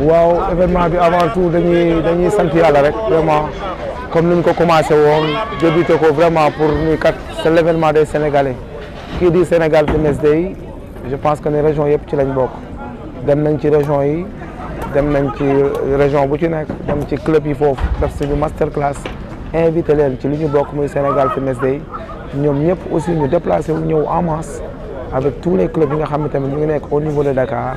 waaw événement bi avant tout dañuy dañuy sant yàlla rek vraiment comme ni ñu ko commencé woon débuté ko vraiment pour ni kat c'est l'événement des sénégalais kii di Sénégal Business Day je pense que ne région yëpp ci lañ bokk dem nañ ci région yi dem nañ ci région bu ci nekk dem ci club yi foofu def suñu master class invité len ci li ñu bokk muy Sénégal Business Day ñoom ñëpp aussi ñu déplacé wu ñëw en masse avec tous les clubs yi nga xam ne tamit ñu ngi nekk au niveau de Dakar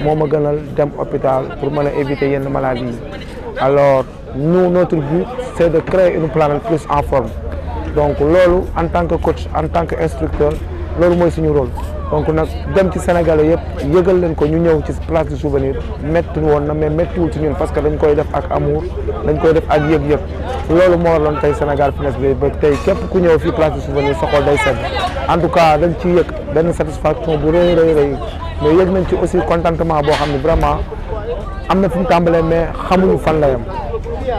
moo ma gënal dem hôpital pour mën a éviter yenn maladies yi alors nous notre but c' est de créer une planète plus en forme donc loolu en tant que coach en tant que instructeur loolu mooy suñu rôle donc nag dem ci Sénégalais yëpp yëgal leen ko ñu ñëw ci place du souvenir métti woon na mais méttiwul ci ñun parce que dañ koy def ak amour dañ koy def ak yëg-yëg loolu moo waraloon tey Sénégal Fitness bi ba tey képp ku ñëw fii place du souvenir sa day sedd en tout cas dañ ciy yëg benn satisfaction bu rëy rëy rëy mais yëg nañ ci aussi contentement boo xam ne vraiment am na fu mu tàmbalee mais xamuñu fan la yem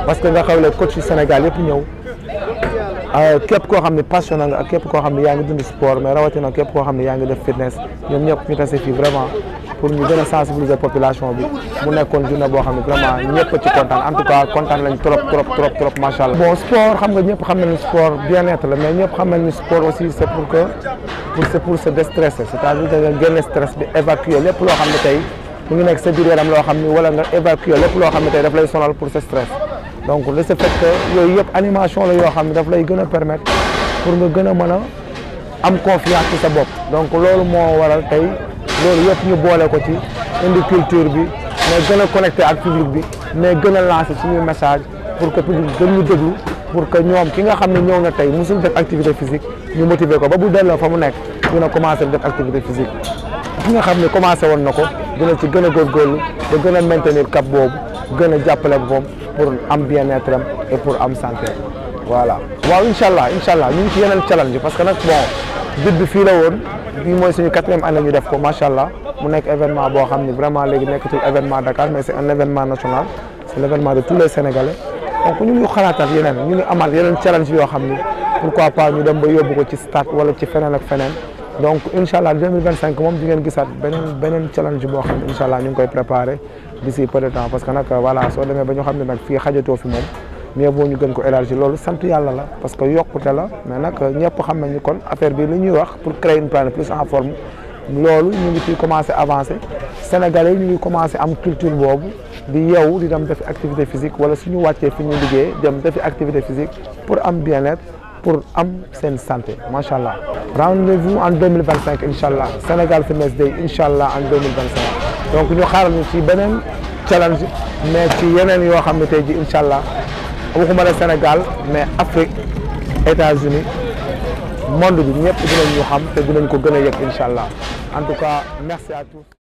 parce que nga xawle coach yi Sénégal yëpp ñëw euh, képp koo xam ne passionné nga ak képp koo xam ne yaa ngi dund sport mais rawatina képp koo xam ne yaa ngi def fitness ñoom ñëpp ñu tase fii vraiment pour ñu gën a sensibiliser population bi mu nekkoon journée boo xam vraiment ñëpp ci kontaan en tout cas kontaan lañ trop trop trop trop machallah. bon sport xam nga ñëpp xam sport bien-être mais ñëpp xam nañ ni sport aussi c'est pour que pour c' pour se déstresser cest est à dire que nga stress bi évacuer lépp loo xam ne tey mu ngi nekk sa biir yaram loo xam ni wala nga évacuer lépp loo xam ne daf lay sonal pour ce stress donc le fait que yooyu yëpp animation la yoo xam daf lay gën permettre pour nga gën a am confiance ci sa bopp donc loolu moo waral tey loolu yëpp ñu boole ko ci indi culture bi mais gën a connecté ak public bi mais gën a lancé suñuy message pour que public gën ñu déglu pour que ñoom ki nga xam ne ñëw na tey musul def activité physique ñu motiver ko ba bu delloo fa mu nekk dina commencé def activité physique ki nga xam ne commencé woon na ko dina ci gën a góorgóorlu da gën a maintenir cap boobu gën a jàppale boppam pour am bien-être am et pour am santé voilà waaw incha allah incha allah ñu ci yeneen challenge parce que nag bon dëgg bi fii la woon bii mooy suñu quatrième année ñu def ko macha allah mu nekk événement boo xam ne vraiment léegi nekkatul événement Dakar mais c' est un événement national c' est l' événement de tous les Sénégalais donc ñu ngi xalaatal yeneen ñu ngi amaat yeneen challenge yoo xam ni pourquoi pas ñu dem ba yóbbu ko ci stade wala ci feneen ak feneen donc incha allah 2025 moom di ngeen gisaat beneen beneen challenge boo xam ne incha allah ñu ngi koy préparé d'ici peu de temps parce que nag voilà soo demee ba ñu xam ne nag fii xajatoo fi moom. Mia vaut ñu gën ko élargir loolu sant yalla la parce que yokkute la mais nag ñëpp xam nañu kon affaire bi li ñuy pour créer une planète plus en forme nous ñu ngi ciy commencé avancer. Sénégalais ñu ngi commencé am culture boobu di yeewu di dem defi activité physique wala suñu wàccee fi ñu liggéey dem defi activité physique pour am bien-être pour am seen santé macha rendez-vous en 2025 Inch'Allah. Sénégal Fitness Day en 2025 donc ñu xaaral ñu ci des challenge mais ci vous yoo xam ne tey waxuma la Sénégal mais Afrique États-Unis monde bi ñëpp dinañ ñu xam te dinañ ko gëna a inshallah en tout cas merci à tous.